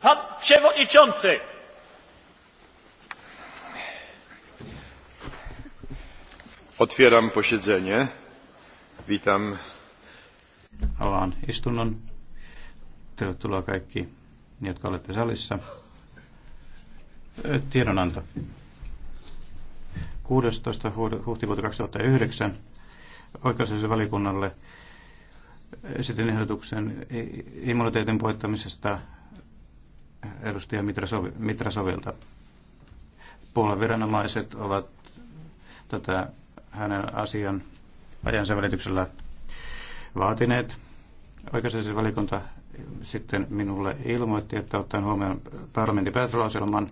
Pan przewodniczący! Otwieram posiedzenie. Witam. Avaan istunnon. Tervetuloa kaikki, jotka olette salissa. Eh, tiedonanto. 16. huhtikuuta 2009 oikeusasiassa valikunnalle esitin ehdotuksen immuniteetin poittamisesta edustaja Mitrasovilta. Puolan viranomaiset ovat tätä hänen asian ajansa välityksellä vaatineet. Oikeastaan valikunta sitten minulle ilmoitti, että ottaen huomioon parlamentin päätöslauselman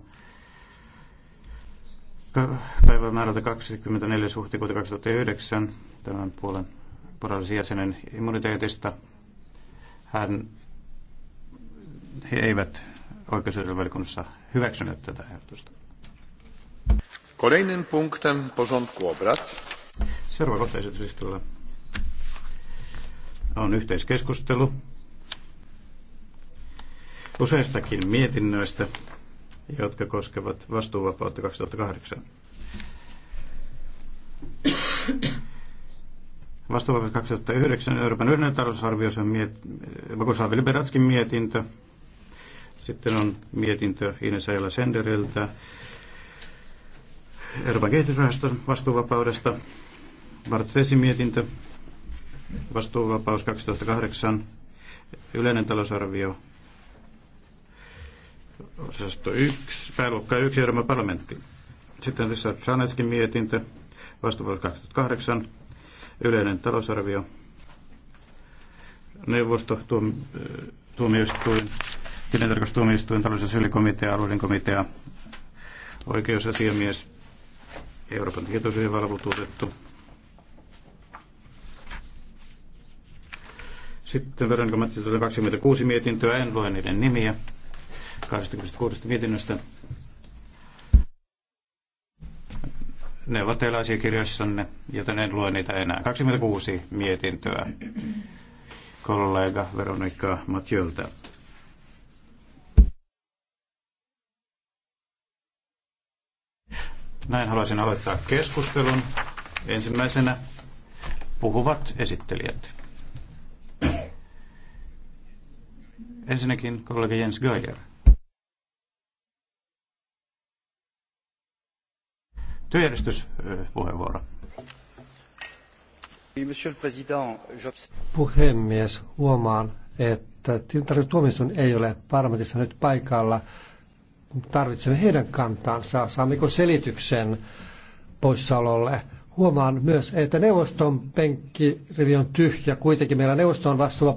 päivämäärältä 24. huhtikuuta 2009 tämän puolen porallisen jäsenen immuniteetista. Hän, he eivät oikeusasiavaliokunnassa hyväksynyt tätä ehdotusta. Kolejnym punktem porządku obrad. Seuraava kohta esityslistalla on yhteiskeskustelu useistakin mietinnöistä, jotka koskevat vastuuvapautta 2008. Vastuuvapautta 2009 Euroopan yleinen talousarvio, miet, Vakuusavi Liberatskin mietintö, sitten on mietintö Ines Ajala Senderiltä Euroopan kehitysrahaston vastuuvapaudesta. Bart Vesin mietintö, vastuuvapaus 2008, yleinen talousarvio, osasto 1, pääluokka 1, Euroopan parlamentti. Sitten on tässä Chaneskin mietintö, vastuuvapaus 2008, yleinen talousarvio, neuvosto, tuom, tuomioistuin, tilintarkastustuomioistuin, talous- ja sosiaalikomitea, alueiden komitea, oikeusasiamies, Euroopan tietosuojavalvotuutettu. Sitten verran Mattilta 26 mietintöä, en lue niiden nimiä, 26 mietinnöstä. Ne ovat teillä asiakirjoissanne, joten en lue niitä enää. 26 mietintöä kollega Veronika Matjöltä. Näin haluaisin aloittaa keskustelun. Ensimmäisenä puhuvat esittelijät. Ensinnäkin kollega Jens Geiger. Työjärjestyspuheenvuoro. Puhemies, huomaan, että Tintarin ei ole parlamentissa nyt paikalla tarvitsemme heidän kantaansa? saammeko selityksen poissaololle. Huomaan myös, että neuvoston penkkirivi on tyhjä. Kuitenkin meillä neuvoston vastuuva